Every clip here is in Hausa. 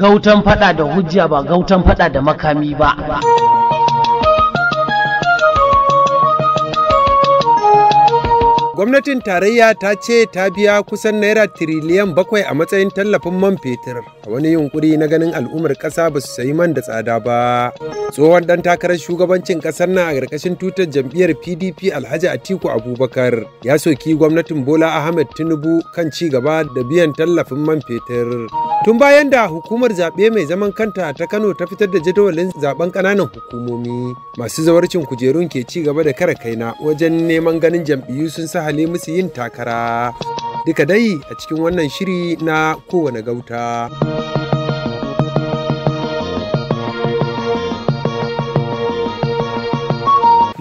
gautan faɗa da hujja ba gautan faɗa da makami ba Gwamnatin tarayya ta ce ta biya kusan naira tiriliyan bakwai a matsayin tallafin man fetur a wani yunkuri na ganin al'ummar ƙasa ba su sayi man da tsada ba. Tsohon ɗan takarar shugabancin ƙasar nan a ƙarƙashin tutar jam'iyyar PDP Alhaji Atiku Abubakar ya soki gwamnatin Bola Ahmed Tinubu kan ci gaba da biyan tallafin man fetur. Tun bayan da hukumar zaɓe mai zaman kanta ta Kano ta fitar da jadawalin zaɓen ƙananan hukumomi masu zawarcin kujerun ke ci gaba da kare kaina wajen neman ganin jam'iyyu sun sa ta musu yin takara. Duka dai a cikin wannan shiri na kowane gauta.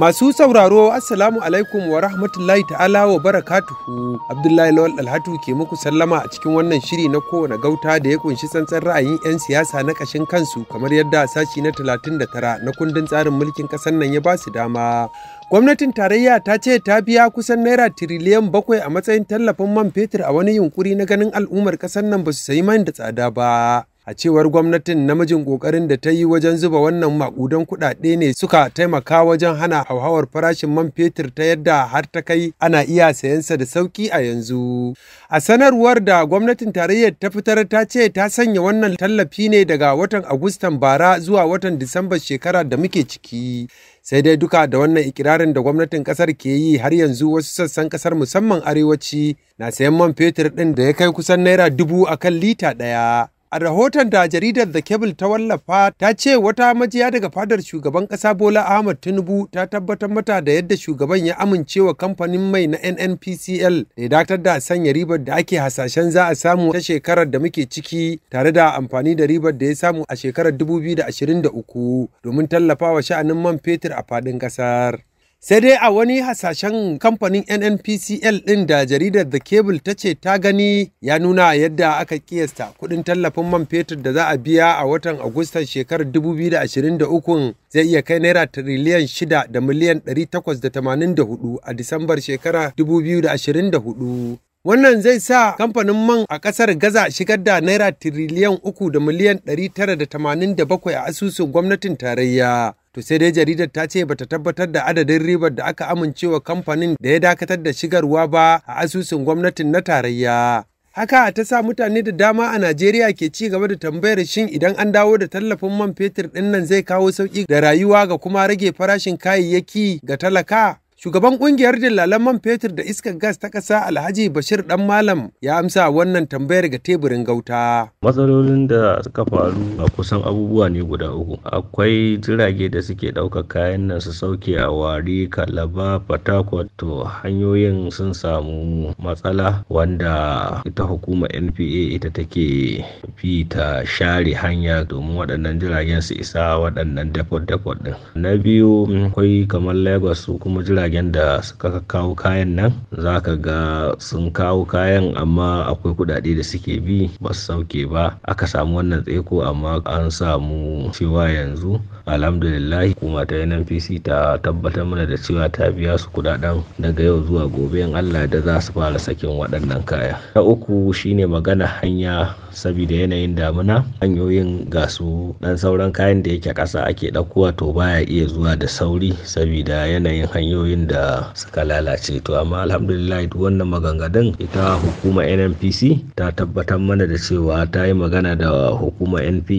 Masu sauraro Assalamu alaikum wa rahmatullahi ta'ala wa barakatuhu Abdullahi Lawal Alhatu ke muku sallama a cikin wannan shiri na kowane gauta da ya kunshi tsantsan ra'ayin 'yan siyasa na kashin kansu kamar yadda sashi na 39 na kundin tsarin mulkin ƙasar nan ya ba su dama. Gwamnatin tarayya ta ce ta biya kusan naira tiriliyan bakwai a matsayin tallafin man fetur a wani yunkuri na ganin al'ummar ƙasar nan ba su sayi man da tsada ba. a cewar gwamnatin namijin kokarin da ta yi wajen zuba wannan makudan kuɗaɗe ne suka taimaka wajen hana hauhawar farashin man fetur ta yadda har ta kai ana iya sayansa da sauki a yanzu a sanarwar da gwamnatin tarayyar ta fitar ta ce ta sanya wannan tallafi ne daga watan agustan bara zuwa watan disambar shekara da muke ciki sai dai duka da wannan ikirarin da gwamnatin kasar ke yi har yanzu wasu sassan kasar musamman arewaci na sayan man fetur ɗin da ya kai kusan naira dubu akan lita ɗaya A rahoton da jaridar The Cable ta wallafa ta ce wata majiya daga fadar shugaban ƙasa Bola Ahmad Tinubu ta tabbatar mata da yadda shugaban ya amincewa kamfanin mai na NNPCL da dakatar da sanya ribar da ake hasashen za a samu ta shekarar da muke ciki tare da amfani da ribar da ya samu a shekarar 2023 domin tallafawa sha'anin man fetur a faɗin ƙasar. sai dai a wani hasashen kamfanin nnpcl ɗin da jaridar the cable ta ce ta gani ya nuna yadda aka kiyasta kuɗin tallafin man fetur da za a biya a watan agustan shekarar 2023 zai iya kai naira tiriliyan 6 da miliyan 884 a disambar shekarar 2024 Wannan zai sa kamfanin man a ƙasar Gaza shigar da naira tiriliyan uku da miliyan ɗari tara da tamanin da bakwai a asusun gwamnatin tarayya. to sai dai jaridar ta ce bata tabbatar da adadin ribar da aka amincewa kamfanin da ya dakatar da shigarwa ba a asusun gwamnatin na tarayya haka ta sa mutane da dama a najeriya ke ci gaba da tambayar shin idan an dawo da tallafin man fetur ɗinnan zai kawo sauki da rayuwa ga kuma rage farashin kayayyaki ga talaka Shugaban kungiyar dillalan man fetur da iskar gas ta ƙasa Alhaji Bashir ɗan Malam ya amsa wannan tambayar ga teburin gauta. Matsalolin da suka faru a kusan abubuwa ne guda uku. Akwai jirage da suke ɗaukar kayan nan su sauke a Wari, Kalaba, Fatakwal to hanyoyin sun samu matsala wanda ita hukumar NPA ita take fi ta share hanya domin waɗannan jiragen su isa waɗannan dafot-dafot ɗin. Na biyu akwai kamar Lagos su kuma jirage jiragen da suka kawo kayan nan za ka ga sun kawo kayan amma akwai kudade da suke bi ba su sauke ba aka samu wannan tseko amma an samu cewa yanzu alhamdulillah kuma ta pc ta tabbatar mana da cewa ta biya su kudaden daga yau zuwa gobe in allah da za su fara sakin waɗannan kaya na uku shine magana hanya saboda yanayin damuna hanyoyin ga su dan sauran kayan da yake ƙasa ake ɗaukowa to baya iya zuwa da sauri saboda yanayin hanyoyin da suka lalace to amma alhamdulillah duk wannan maganganun ita hukuma nnpc ta tabbatar mana da cewa ta yi magana da hukuma npa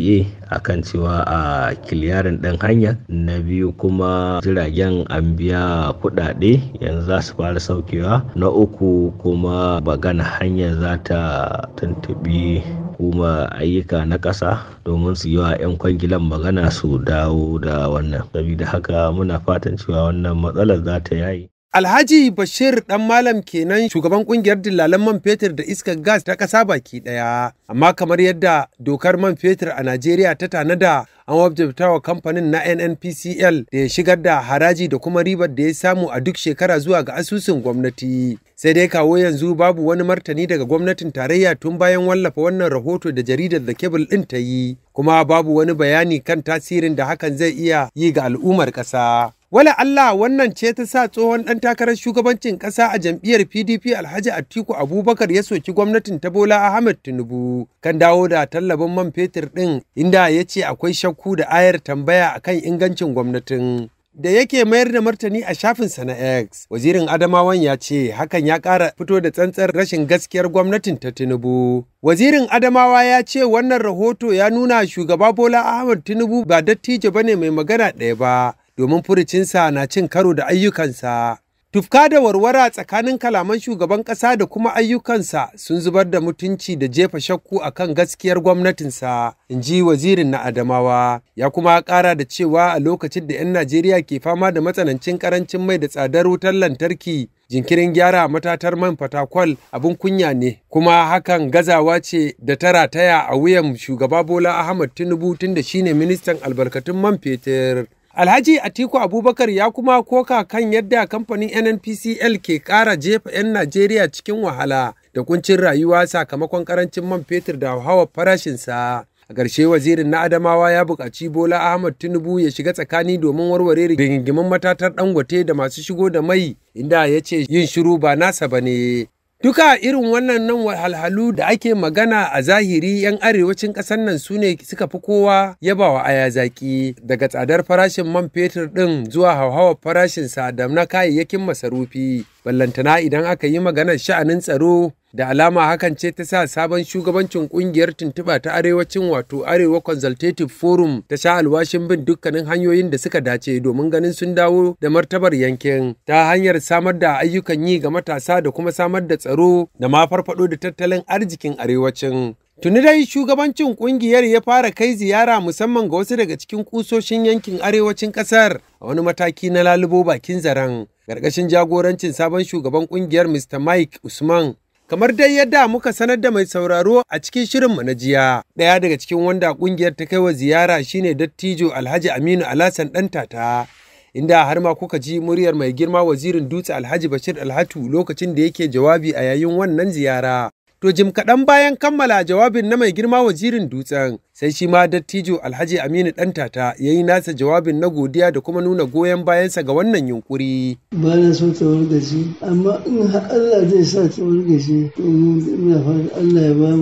akan cewa a kiliyarin ɗin hanya na biyu kuma jiragen an biya kuɗaɗe yanzu za su fara saukewa na uku kuma bagan hanya za ta tuntuɓi kuma ayyuka na ƙasa domin su yi wa 'yan kwangilan magana su dawo da wannan sabida haka muna fatan cewa wannan matsalar za ta yayi Alhaji Bashir ɗan Malam kenan shugaban ƙungiyar dillalan man fetur da iskar gas ta ƙasa baki ɗaya. Amma kamar yadda dokar man fetur a Najeriya ta tanada an wa kamfanin na NNPCL da ya shigar da haraji da kuma ribar da ya samu a duk shekara zuwa ga asusun gwamnati. Sai dai kawo yanzu babu wani martani daga gwamnatin tarayya tun bayan wallafa wannan rahoto da jaridar da kebul ɗin ta yi. Kuma babu wani bayani kan tasirin da hakan zai iya yi ga al'ummar ƙasa. Wala Allah wannan ce ta sa tsohon ɗan takarar shugabancin ƙasa a jam'iyyar PDP Alhaji Atiku Abubakar ya soki gwamnatin ta Bola Ahmed Tinubu kan dawo da tallabin man fetur ɗin inda ya ce akwai shakku da ayar tambaya akan ingancin gwamnatin. da yake mayar da martani a shafinsa na X. Wazirin Adamawan ya ce hakan ya ƙara fito da tsantsar rashin gaskiyar gwamnatin ta Tinubu. Wazirin Adamawa ya ce wannan rahoto ya nuna shugaba Bola Ahmed Tinubu ba dattijo ba ne mai magana ɗaya ba. domin furicinsa na cin karo da ayyukansa. Tufka da warwara tsakanin kalaman shugaban ƙasa da kuma ayyukansa sun zubar da mutunci da jefa shakku a kan gaskiyar gwamnatinsa, in ji wazirin na Adamawa. Ya kuma ƙara da cewa a lokacin da 'yan Najeriya ke fama da matsanancin ƙarancin mai da tsadar wutar lantarki, jinkirin gyara matatar man fatakwal abin kunya ne, kuma hakan gazawa ce da ta rataya a wuyan shugaba Bola Ahmad Tinubu tun da shine ministan albarkatun man fetur. Alhaji Atiku Abubakar ya kuma koka kan yadda kamfanin NNPCL ke ƙara jefa 'yan Najeriya cikin wahala da kuncin rayuwa sakamakon ƙarancin man fetur da hawa farashinsa. A ƙarshe wazirin na Adamawa ya buƙaci Bola Ahmad Tinubu ya shiga tsakani domin warware rigingimin matatar ɗangote da masu shigo da mai inda ya ce yin shiru ba nasa ba ne. Duka irin wannan nan wahalhalu da ake magana a zahiri 'yan arewacin ƙasar nan su ne suka fi kowa wa aya zaki daga tsadar farashin man fetur ɗin zuwa hauhawar farashin sa da na kayayyakin masarufi. Ballantana idan aka yi maganar sha'anin tsaro da alama hakan ce ta sa sabon shugabancin kungiyar tuntuba ta arewacin wato arewa consultative forum ta sha alwashin bin dukkanin hanyoyin da suka dace domin ganin sun dawo da martabar yankin ta hanyar samar da ayyukan yi ga matasa da kuma samar da tsaro da ma farfado da tattalin arzikin arewacin Tuni dai shugabancin kungiyar ya fara kai ziyara musamman ga wasu daga cikin kusoshin yankin arewacin kasar a wani mataki na lalubo bakin zaren. Gargashin jagorancin sabon shugaban kungiyar Mr. Mike Usman kamar dai yadda muka sanar da mai sauraro a cikin shirinmu na jiya. Ɗaya daga cikin wanda ƙungiyar ta kai wa ziyara shine dattijo Alhaji Aminu Alhassan ɗan Inda har ma kuka ji muryar mai girma wazirin dutse Alhaji Bashir Alhatu lokacin da yake jawabi a yayin wannan ziyara. To jim kaɗan bayan kammala jawabin na mai girma wazirin dutsen, sai shi ma dattijo alhaji aminu ɗantata ya yi nasa jawabin na godiya da kuma nuna goyon bayansa ga wannan yunkuri. ba na so ta wargaji amma in allah zai sa ta wargaji to ina fata allah ya ba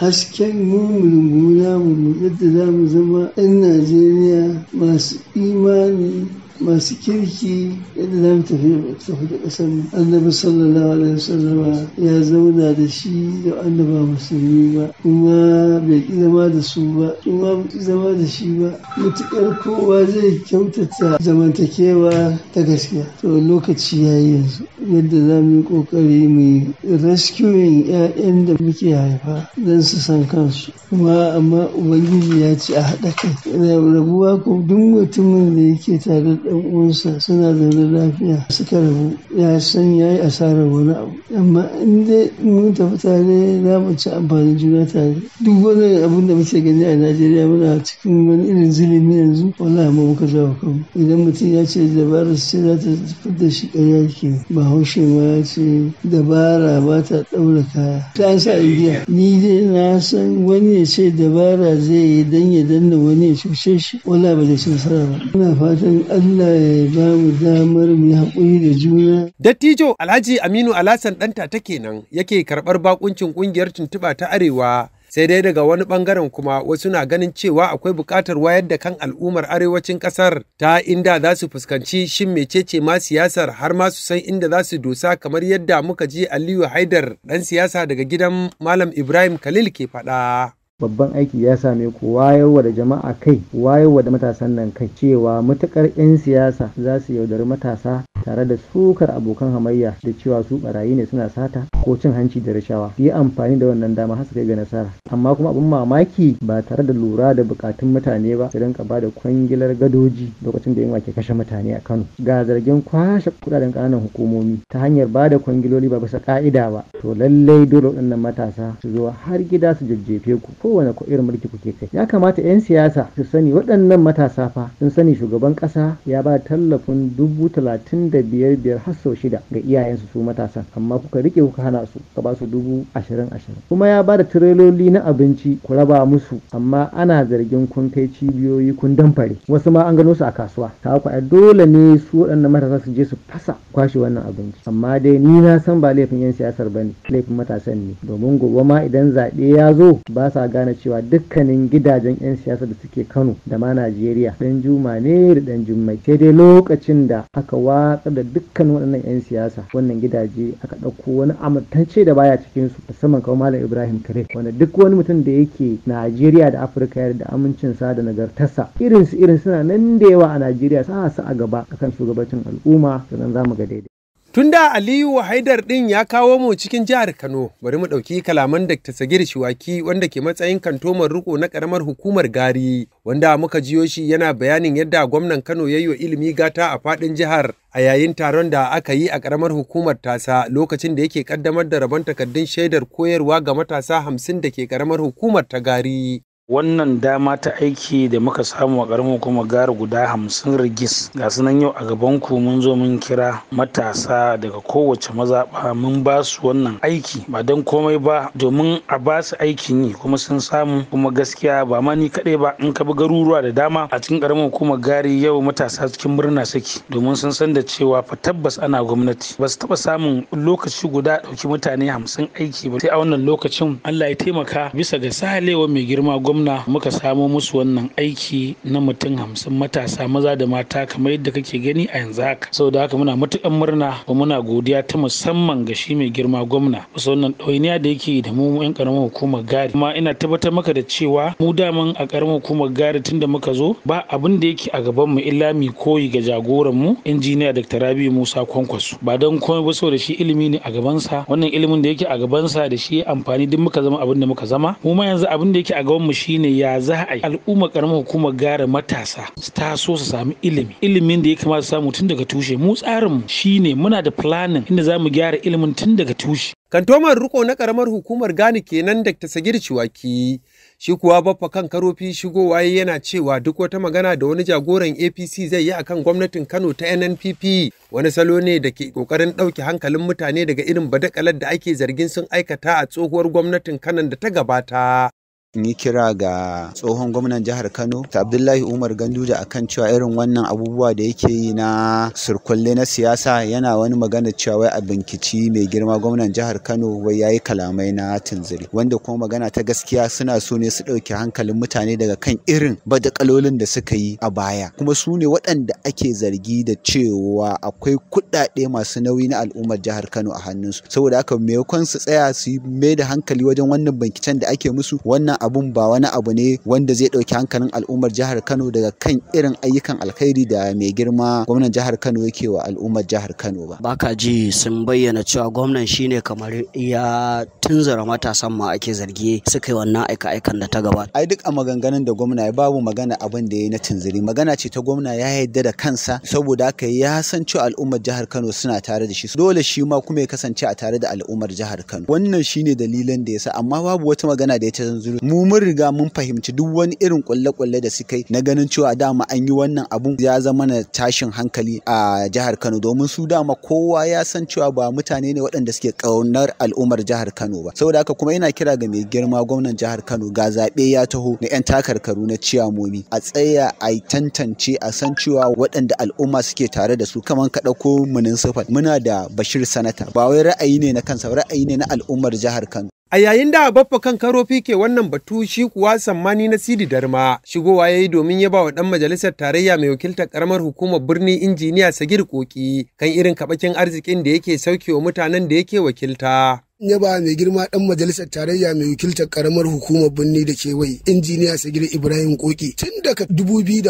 hasken mumunin gona mu yadda za mu zama 'yan najeriya masu imani masu kirki yadda za mu tafi tafi da ƙasar annabi sallallahu alaihi wasallama ya zauna da shi da annaba musulmi ba kuma bai ƙi zama da su ba ba kuma zama da shi ba mutukar kowa zai kyautata zamantakewa ta gaskiya to lokaci ya yi yanzu yadda za mu yi ƙoƙari mu yi. rescuing 'ya'yan da muke haifa don su san kansu kuma amma ubangiji ya ce a haɗa kai rabuwa ko duk mutumin da yake tare da ɗan uwansa suna zaune lafiya suka rabu ya san ya yi asarar wani abu amma in dai mun tafi tare za mu ci amfani juna tare duk wani abin da muke gani ne a najeriya muna cikin wani irin zilimi yanzu wallahi mu muka zama kanmu idan mutum ya ce dabarar ce za ta fitar da shi ɗaya ke ba haushe ma ya ce dabara ba ta ɗaura kaya ta sa igiya ni dai na san wani ya ce dabara zai yi dan ya danna wani ya cuce shi wala ba zai ci nasara ba ina fatan Allah ya ba mu damar mu yi haƙuri da juna dattijo Alhaji Aminu Alhassan ɗanta ta kenan yake karɓar bakuncin ƙungiyar tuntuɓa ta Arewa sai dai daga wani bangaren kuma wasu na ganin cewa akwai bukatar wayar da kan al'ummar arewacin kasar ta inda za su fuskanci shin mecece ma siyasar har ma su san inda za su dosa kamar yadda muka ji Aliyu Haidar dan siyasa daga gidan Malam Ibrahim Khalil ke faɗa. babban aiki ya same ku wayarwa da jama'a kai wayarwa da matasan nan kai cewa matukar 'yan siyasa za su yaudari matasa tare da sukar abokan hamayya da cewa su barayi ne suna sata ko cin hanci da rashawa yi amfani da wannan dama har su kai ga nasara amma kuma abin mamaki ba tare da lura da bukatun mutane ba su rinka ba da kwangilar gadoji lokacin da yunwa ke kashe mutane a Kano ga zargin kwashe kudaden kananan hukumomi ta hanyar ba da kwangiloli ba bisa ka'ida ba to lallai dole waɗannan matasa su zo har gida su jajjefe ku ko kowane irin mulki kuke kai ya kamata 'yan siyasa su sani waɗannan matasa fa sun sani shugaban ƙasa ya ba tallafin dubu talatin da biyar biyar har sau shida ga iyayensu su matasan amma kuka rike kuka hana su ka ba su dubu ashirin ashirin kuma ya ba da tireloli na abinci ku raba musu amma ana zargin kun kai cibiyoyi kun damfare wasu ma an gano su a kasuwa ta ku dole ne su waɗannan matasa su je su fasa kwashe wannan abinci amma dai ni na san ba laifin 'yan siyasar ba ne laifin matasan ne domin gobe ma idan zaɓe ya zo ba sa gane gane cewa dukkanin gidajen 'yan siyasa da suke Kano da ma Najeriya dan juma ne da dan jummai sai dai lokacin da aka watsar da dukkanin waɗannan 'yan siyasa wannan gidaje aka ɗauko wani amintance da baya cikin su musamman kawai Malam Ibrahim Kare wanda duk wani mutum da yake Najeriya da Afirka ya da amincinsa da nagartarsa irin su irin suna nan da yawa a Najeriya sa su a gaba akan shugabancin al'umma sannan za mu ga daidai Tun da Aliyu Haidar ɗin ya kawo mu cikin jihar Kano, bari mu ɗauki kalaman da Sagir Shiwaki wanda ke matsayin kantomar riko na ƙaramar hukumar Gari, wanda muka jiyo shi yana bayanin yadda gwamnan Kano ya yi wa ilimi gata a faɗin jihar a yayin taron da aka yi a ƙaramar hukumar tasa lokacin da yake ƙaddamar da rabon takardun shaidar koyarwa ga matasa hamsin da ke ƙaramar hukumar ta Gari. wannan dama ta aiki da muka samu a ƙaramin hukumar gara guda hamsin rigis ga sunan yau a gaban ku mun zo mun kira matasa daga kowace mazaɓa mun ba su wannan aiki ba don komai ba domin a ba su aikin yi kuma sun samu kuma gaskiya ba ma ni kaɗai ba in ka bi garuruwa da dama a cikin ƙaramin hukumar gari yau matasa cikin murna saki domin sun san da cewa fa tabbas ana gwamnati ba su taɓa samun lokaci guda ɗauki mutane hamsin aiki ba sai a wannan lokacin Allah ya taimaka bisa ga Salewa mai girma gwamnati gwamna muka samo musu wannan aiki na mutum hamsin matasa maza da mata kamar yadda kake gani a yanzu haka saboda haka muna matukan murna kuma muna godiya ta musamman ga shi mai girma gwamna wasu wannan ɗawainiya da yake da mu yan karamar hukumar gari kuma ina tabbatar maka da cewa mu daman a karamar hukumar gari tun tunda muka zo ba abin da yake a gaban mu illa mi koyi ga jagoran mu injiniya Dr. Rabi Musa Kwankwaso ba don komai ba saboda shi ilimi ne a gabansa wannan ilimin da yake a gabansa da shi amfani duk muka zama abin da muka zama mu ma yanzu abin da yake a gaban mu shi shine ya za a yi al'umma karamar hukumar gara matasa su taso su samu ilimi ilimin da ya kamata su samu tun daga tushe mu tsarin shine muna da planning inda zamu gyara ilimin tun daga tushe kantoman riko na karamar hukumar gani kenan da ta sagir ciwaki shi kuwa baffa kan karofi shigowa yana cewa duk wata magana da wani jagoran apc zai yi akan gwamnatin kano ta nnpp wani salo ne da ke kokarin ɗauke hankalin mutane daga irin badakalar da ake zargin sun aikata a tsohuwar gwamnatin kanan da ta gabata in yi kira ga tsohon gwamnan jihar kano ta abdullahi umar ganduja akan cewa irin wannan abubuwa da yake yi na surkulle na siyasa yana wani magana cewa wai a binkici mai girma gwamnan jihar kano wai yayi kalamai na tunzuri wanda kuma magana ta gaskiya suna so ne su ɗauki hankalin mutane daga kan irin badakalolin da suka yi a baya kuma su ne waɗanda ake zargi da cewa akwai kuɗaɗe masu nauyi na al'ummar jihar kano a hannunsu saboda haka maimakon su tsaya su yi mai da hankali wajen wannan binkicen da ake musu wannan abun ba wani abu ne wanda zai ɗauki hankalin al'ummar jihar Kano daga kan irin ayyukan alkhairi da mai girma gwamnan jihar Kano yake wa al'ummar jihar Kano ba. Baka ji sun bayyana cewa gwamnan shine kamar ya tunzara matasan ma ake zargi suka yi wannan aika-aikan da ta gabata. Ai duk a maganganun da gwamna ya babu magana abin da ya na tunzuri magana ce ta gwamna ya yarda da kansa saboda haka ya san cewa al'ummar jihar Kano suna tare da shi dole shi ma kuma ya kasance a tare da al'ummar jihar Kano wannan shine dalilin da yasa amma babu wata magana da ya ta tunzuri mu mun riga mun fahimci duk wani irin kulle-kulle da suka yi na ganin cewa dama an yi wannan abun ya zama na tashin hankali a jihar Kano domin su dama kowa ya san cewa ba mutane ne waɗanda suke ƙaunar al'ummar jihar Kano ba saboda haka kuma yana kira ga mai girma gwamnan jihar Kano ga zaɓe ya taho na 'yan takarkaru na ciyamomi a tsaya a tantance a san cewa waɗanda al'umma suke tare da su kaman ka ɗauko munin muna da Bashir Sanata ba wai ra'ayi ne na kansa ra'ayi ne na al'ummar jihar Kano A yayin da baffa kan karofi ke wannan batu shi kuwa tsammani na sidi darma shigowa ya yi domin yaba wa ɗan majalisar tarayya mai wakiltar karamar hukumar birni injiniya Sagir Koki kan irin kaɓakin arzikin da yake sauke wa mutanen da yake wakilta. yaba mai girma dan majalisar tarayya mai wakiltar karamar hukumar birni da kewaye injiniya sagir ibrahim koki tun daga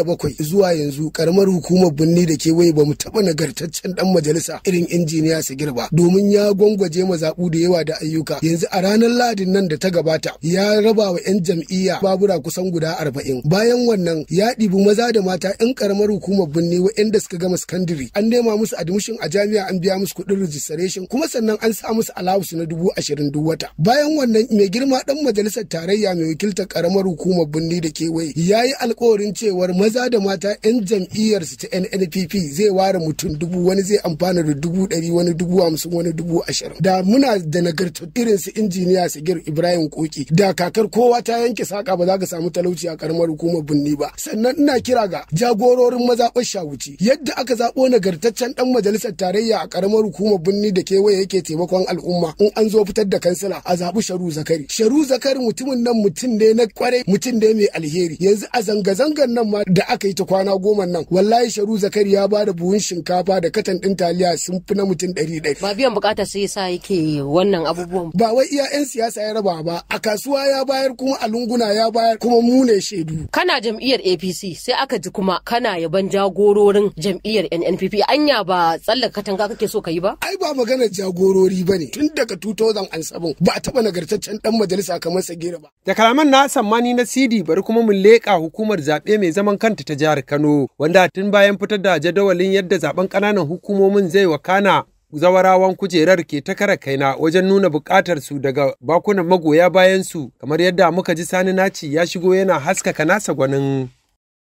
bakwai zuwa yanzu karamar hukumar birni da kewaye ba mu taba nagartaccen dan majalisa irin injiniya sagir ba domin ya gwangwaje mazaɓu da yawa da ayyuka yanzu a ranar ladin nan da ta gabata ya raba wa 'yan jam'iyya babura kusan guda arba'in bayan wannan ya ɗibi maza da mata 'yan karamar hukumar birni da suka gama sakandiri an nema musu admishin a jami'a an biya musu kuɗin registration kuma sannan an sa musu alawus na dubu dubu ashirin duk wata bayan wannan mai girma dan majalisar tarayya mai wakiltar karamar hukumar birni da kewaye ya yi alkawarin cewar maza da mata 'yan jam'iyyar su ta nnpp zai ware mutum dubu wani zai amfana da dubu ɗari wani dubu hamsin wani dubu ashirin da muna da nagartar irin su injiniya sigir ibrahim koki da kakar kowa ta yanke saƙa ba za ka samu talauci a karamar hukumar birni ba sannan ina kira ga jagororin mazaɓar shawuci yadda aka zaɓo nagartaccen ɗan majalisar tarayya a karamar hukumar birni da kewaye yake taimakon al'umma in an zo fitar da kansila a zaɓi sharu zakari sharu zakari mutumin nan mutum ne na kwarai mutum ne mai alheri yanzu a zanga-zangar nan ma da aka yi ta kwana goma nan wallahi sharu zakari ya ba da buhun shinkafa da katan ɗin taliya sun fi na mutum ɗari ɗari. ba biyan bukatar sai sa yake wannan abubuwan. ba wai iya 'yan siyasa ya raba ba a kasuwa ya bayar kuma a lunguna ya bayar kuma mu ne shaidu. kana jam'iyyar apc sai aka ji kuma kana yaban jagororin jam'iyyar nnpp anya ba tsallaka katanga kake so ka yi ba. ai ba magana jagorori ba ne tun daga 2007 ba a taɓa nagartaccen ɗan majalisa kamar Sagera ba. Da kalaman na sammani na CD bari kuma mun leƙa hukumar zaɓe mai zaman kanta ta jihar Kano wanda tun bayan fitar da jadawalin yadda zaɓen ƙananan hukumomin zai wakana zawarawan kujerar ke ta kara kaina wajen nuna buƙatar su daga bakunan magoya bayan su kamar yadda muka ji sani naci ya shigo yana haskaka nasa gwanin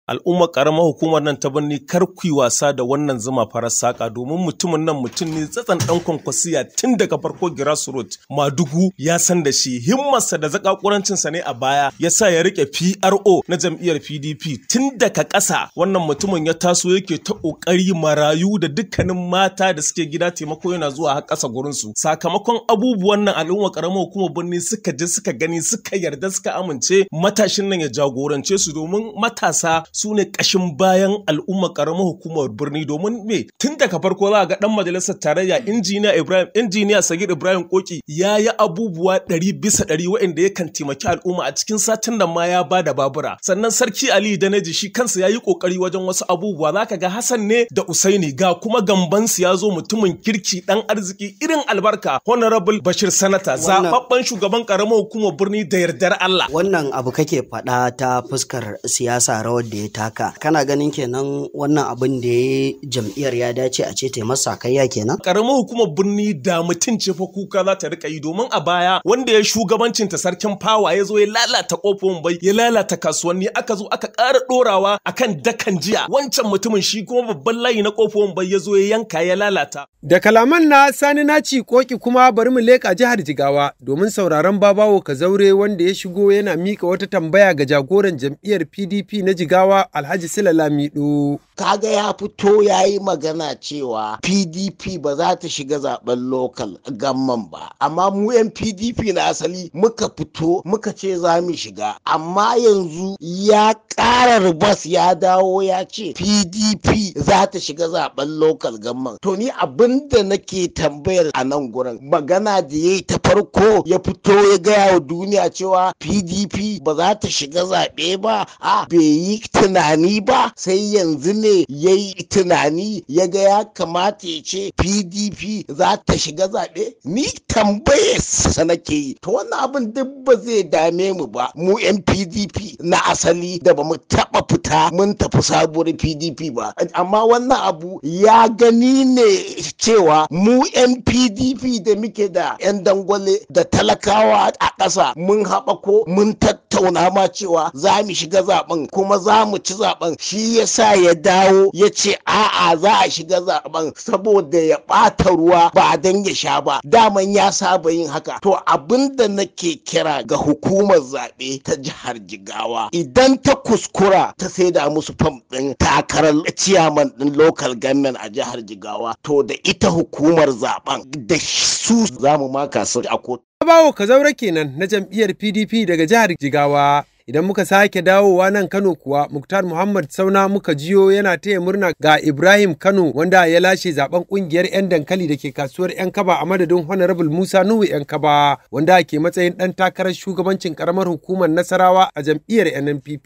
al'ummar karamar hukumar nan ta birni kar ku yi wasa da wannan zuma farar saka domin mutumin nan mutum ne tsatsan dan kwankwasiya tun daga farko grassroot madugu ya san da shi himmarsa da zakakurancin sa ne a baya ya sa ya rike PRO na jam'iyyar PDP tun daga ƙasa wannan mutumin ya taso yake ta kokari marayu da dukkanin mata da suke gida taimako yana zuwa har ƙasa gurin su sakamakon abubuwan nan al'ummar karamar hukumar birni suka je suka gani suka yarda suka amince matashin nan ya jagorance su domin matasa su ne kashin bayan al'umma karamar hukumar birni domin me tun daga farko za a ga dan majalisar tarayya injiniya Ibrahim injiniya Sagid Ibrahim Koki ya yi abubuwa ɗari bisa ɗari waɗanda yakan taimaki al'umma a cikin satin da ma ya ba da babura sannan sarki Ali Danaji shi kansa ya yi ƙoƙari wajen wasu abubuwa za ka ga Hassan ne da Usaini ga kuma su ya zo mutumin kirki dan arziki irin albarka Honorable Bashir Sanata zaɓaɓɓen shugaban karamar hukumar birni da yardar Allah. Wannan abu kake faɗa ta fuskar siyasa rawar da ya taka kana ganin kenan wannan abin da ya jam'iyyar ya dace a ce ta masa kayya kenan karamar hukumar birni da mutum ce fa kuka za ta rika yi domin a baya wanda ya shugabancin ta sarkin fawa ya zo ya lalata kofofin bai ya lalata kasuwanni aka zo aka ƙara ɗorawa akan dakan jiya wancan mutumin shi kuma babban layi na kofofin bai ya zo ya yanka ya lalata da kalaman na sani na ci koki kuma bari mu leka jihar jigawa domin sauraron babawo kazaure wanda ya shigo yana mika wata tambaya ga jagoran jam'iyyar pdp na jigawa Nasarawa Alhaji Sila Lamido. Kaga ya fito ya yi magana cewa PDP ba za ta shiga zaben lokal gamman ba. Amma mu 'yan PDP na asali muka fito muka ce za mu shiga. Amma yanzu ya ƙara bas ya dawo ya ce PDP za ta shiga zaben lokal gamman. To ni abin da nake tambayar a nan gurin magana da ya ta farko ya fito ya gaya wa duniya cewa PDP ba za ta shiga zaɓe ba a bai yi tunani ba sai yanzu ne ya yi tunani ya ga ya kamata ya ce pdp za ta shiga zaɓe ni tambaye sa nake yi to wani abin duk ba zai dame mu ba mu yan pdp na asali da ba mu taɓa fita mun tafi sabuwar pdp ba amma wannan abu ya gani ne cewa mu yan pdp da muke da yan dangwale da talakawa a ƙasa mun haɓa ko mun tattauna ma cewa za mu shiga zaɓen kuma za mu mu ci zaben shi yasa ya dawo ya ce a'a za a shiga zaben saboda ya ɓata ruwa ba dan ya sha ba daman ya saba yin haka to abinda da nake kira ga hukumar zaɓe ta jihar jigawa idan ta kuskura ta saida musu fam ɗin takarar ciyaman ɗin local government a jihar jigawa to da ita hukumar zaben da su za maka su a kotu. ka Kazaure kenan na jam'iyyar PDP daga jihar Jigawa. Idan muka sake dawowa nan Kano kuwa Muktar Muhammad Sauna muka jiyo yana taya murna ga Ibrahim Kano wanda ya lashe zaben kungiyar 'yan dankali da ke kasuwar 'yan kaba a madadin Honorable Musa Nuhu 'yan kaba wanda ke matsayin ɗan takarar shugabancin karamar hukumar Nasarawa a jam'iyyar NNPP.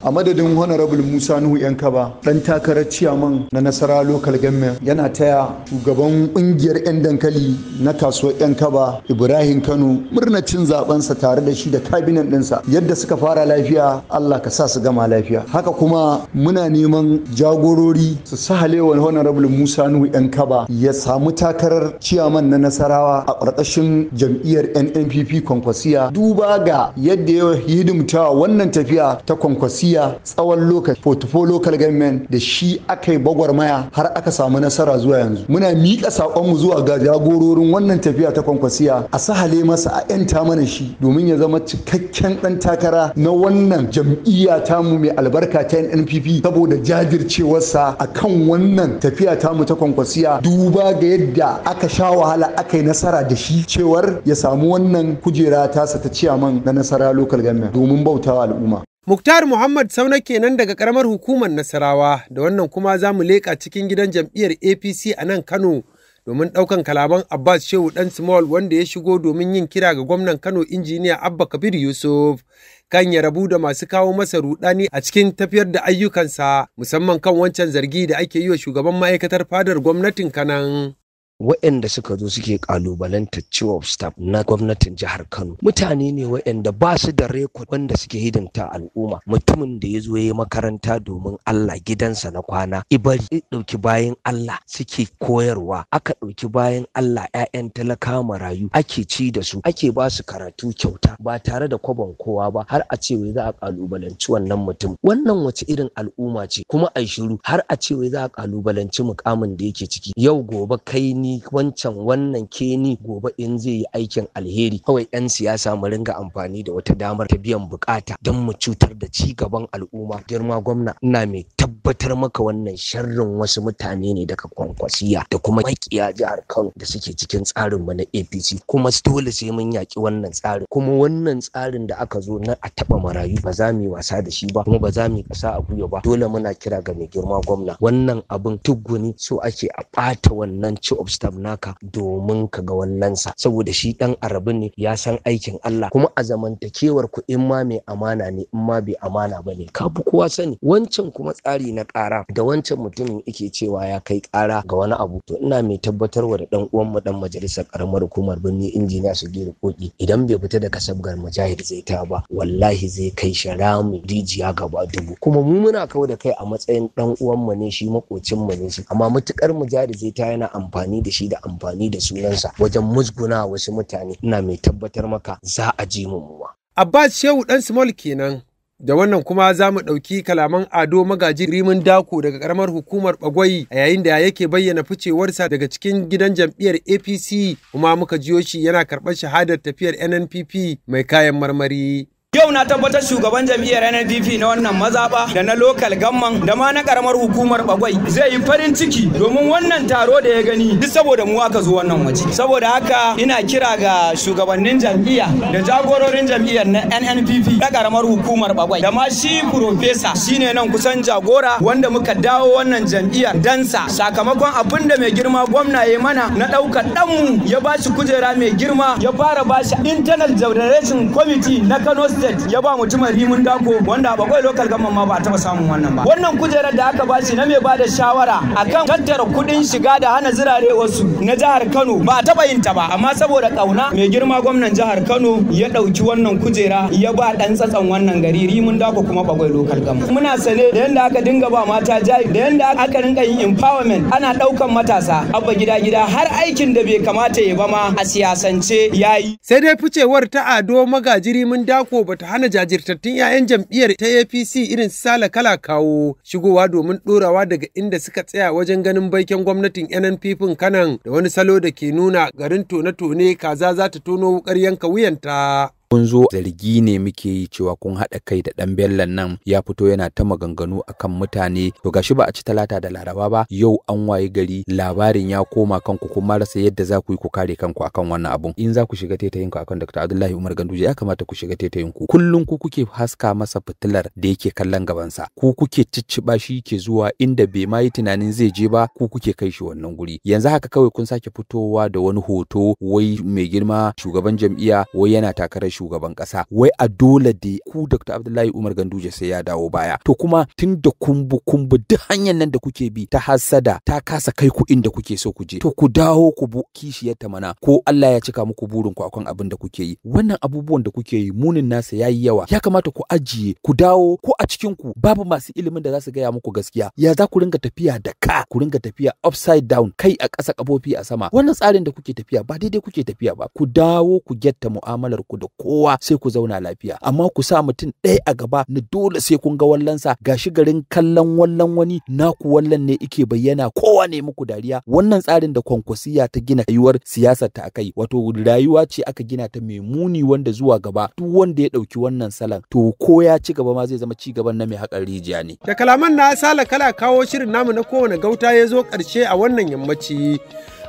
a madadin honorable musa nuhu yan kaba dan takarar ciyaman na nasara local government yana taya shugaban kungiyar yan dankali na kasuwar yan kaba ibrahim kano murnacin zabensa tare da shi da kabinan dinsa yadda suka fara lafiya allah ka sa su gama lafiya haka kuma muna neman jagorori su sahalewa honorable musa nuhu yan kaba ya samu takarar ciyaman na nasarawa a ƙarƙashin jam'iyyar nnpp kwankwasiya duba ga yadda ya hidimta wannan tafiya ta kwankwasiya siya tsawon lokaci portfolio local government da shi aka yi bagwarmaya har aka samu nasara zuwa yanzu muna miƙa saƙonmu zuwa ga jagororin wannan tafiya ta kwankwasiya a sahale masa a 'yanta mana shi domin ya zama cikakken ɗan takara na wannan jam'iyya tamu mai albarka ta nnpp saboda jajircewarsa a kan wannan tafiya ta mu ta kwankwasiya duba ga yadda aka sha wahala aka yi nasara da shi cewar ya samu wannan kujera tasa ta ciyaman na nasara local government domin bautawa al'umma. Muktar Muhammad Sauna kenan daga karamar hukumar Nasarawa da wannan kuma za mu leƙa cikin gidan jam'iyyar APC a nan Kano domin ɗaukan kalaman Abbas Shehu ɗan Small wanda ya shigo domin yin kira ga gwamnan Kano injiniya Abba Kabir Yusuf kan ya rabu da masu kawo masa rudani a cikin tafiyar da ayyukansa musamman kan wancan zargi da ake yi wa shugaban ma'aikatar fadar gwamnatin Kanan. waɗanda suka zo suke ƙalubalanta chief of staff na gwamnatin jihar Kano mutane ne waɗanda ba su da rekod wanda suke hidinta al'umma mutumin da ya zo ya yi makaranta domin Allah gidansa na kwana ibari ɗauki bayan Allah suke koyarwa aka ɗauki bayan Allah 'ya'yan talaka marayu ake ci da su ake ba su karatu kyauta ba tare da kwabon kowa ba har a ce wai za a kalubalanci wannan mutum wannan wace irin al'umma ce kuma ai shiru har a ce wai za a kalubalanci mukamin da yake ciki yau gobe kai ni wancan wannan ke ni gobe in zai yi aikin alheri kawai 'yan siyasa mu ringa amfani da wata damar ta biyan bukata don mu cutar da ci gaban al'umma girma gwamna ina mai tabbatar maka wannan sharrin wasu mutane ne daga kwankwasiya da kuma makiya jihar kano da suke cikin tsarin mu na apc kuma dole sai mun yaki wannan tsarin kuma wannan tsarin da aka zo na a taɓa marayu ba za mu wasa da shi ba kuma ba za mu yi kasa a guya ba dole muna kira ga mai girma gwamna wannan abin tuguni so ake a ɓata wannan ci staff naka domin ka ga wallansa saboda shi dan arabu ne ya san aikin Allah kuma a zamantakewar ku in ma mai amana ne in ma bai amana ba ne ka fi kowa sani wancan kuma tsari na ƙara da wancan mutumin ike cewa ya kai ƙara ga wani abu to ina mai tabbatarwa da dan uwan mu dan majalisar karamar hukumar birni injiniya su gere koki idan bai fita da kasabgar mujahid zai ta ba wallahi zai kai shara rijiya gaba dubu kuma mu muna kawo da kai a matsayin dan uwan mu ne shi makocin mu ne amma mutukar mujahid zai ta yana amfani da shi da amfani da sunansa wajen musguna wasu mutane ina mai tabbatar maka za a ji mummuwa. Abbas Shehu ɗan Small kenan da wannan kuma za mu ɗauki kalaman ado magaji rimin dako daga ƙaramar hukumar bagwai a yayin da yake bayyana ficewarsa daga cikin gidan jam'iyyar apc kuma muka jiyo shi yana karɓar shahadar tafiyar nnpp mai kayan marmari Yau na tabbatar shugaban jam'iyyar NNPP na wannan mazaba da na lokal gamman da ma na karamar hukumar bagwai zai yi farin ciki domin wannan taro da ya gani duk saboda mu aka zo wannan waje. Saboda haka ina kira ga shugabannin jam'iyya da jagororin jam'iyyar na NNPP na karamar hukumar bagwai da ma shi profesa shine nan kusan jagora wanda muka dawo wannan jam'iyyar dansa sakamakon abin da mai girma gwamna ya mana na ɗaukar ɗanmu ya bashi kujera mai girma ya fara bashi internal generation committee na Kano State state ya ba mutumin rimin dako wanda a bakwai local government ma ba taba samun wannan ba wannan kujerar da aka bashi na mai ba da shawara akan tattara kudin shiga da hana zirare wasu na jihar Kano ba taba yin ta ba amma saboda kauna mai girma gwamnan jihar Kano ya dauki wannan kujera ya ba ɗan tsatsan wannan gari rimin dako kuma bakwai local government muna sane da yanda aka dinga ba mata jai da yanda aka rinka yin empowerment ana ɗaukan matasa abba gida gida har aikin da bai kamata ya ba ma a siyasance yayi sai dai ficewar ta ado magajiri mun dako ba bata hana jajirtattun 'ya'yan jam'iyyar ta APC irin Sale Kala kawo shigowa domin ɗorawa daga inda suka tsaya wajen ganin baiken gwamnatin NNPP kanan da wani salo da ke nuna garin tone-tone kaza za ta tono wukar yanka wuyanta. kun zo zargi ne muke yi cewa kun haɗa kai da ɗan bellan nan ya fito yana ta maganganu akan mutane to gashi ba a ci talata da laraba ba yau an waye gari labarin ya koma kanku kuma rasa yadda za ku yi ku kare kanku akan wannan abun in za ku shiga tetayin ku akan Dr. Abdullahi Umar Ganduje ya kamata ku shiga tetayin ku kullun ku kuke haska masa fitilar da yake kallon gabansa ku kuke cicciba shi ke zuwa inda bai ma yi tunanin zai je ba ku kuke kai shi wannan guri yanzu haka kawai kun sake fitowa da wani hoto wai mai girma shugaban jam'iyya wai yana takarar shugaban ƙasa wai a dole da ku Dr. Abdullahi Umar Ganduje sai ya dawo baya to kuma tun da kumbu kumbu duk hanyar nan da kuke bi ta hasada ta kasa kai ku inda kuke so ku je to ku dawo ku bu kishiyar mana ko Allah ya cika muku burin ku akan abin da kuke yi wannan abubuwan da kuke yi munin nasa yayi yawa ya kamata ku ajiye ku dawo ko a cikin ku babu masu ilimin da za su gaya muku gaskiya ya za ku ringa tafiya da ka ku ringa tafiya upside down kai a ƙasa kafofi a sama wannan tsarin da kuke tafiya ba daidai kuke tafiya ba ku dawo ku getta mu'amalar ku da ko kowa sai ku zauna lafiya amma ku sa mutum ɗaya a gaba na dole sai kun ga wallansa gashi garin kallon wallan wani naku wallan ne ike bayyana kowa ne muku dariya wannan tsarin da kwankwasiya ta gina rayuwar siyasar ta akai wato rayuwa ce aka gina ta mai muni wanda zuwa gaba duk wanda ya ɗauki wannan salon to ko ya ci gaba ma zai zama ci gaban na mai haƙar rijiya ne. Da kalaman na sala kala kawo shirin namu na kowane gauta ya zo ƙarshe a wannan yammaci.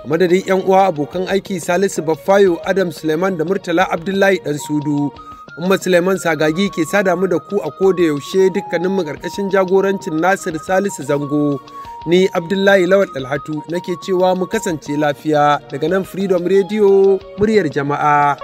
a madadin 'yan uwa abokan aiki salisu baffayo adam suleiman da murtala abdullahi dan sudu umma suleiman sagagi ke sada mu da ku a ko da yaushe mu karkashin jagorancin nasir salisu zango ni abdullahi lawal dalhatu nake cewa mu kasance lafiya daga nan freedom radio muryar jama'a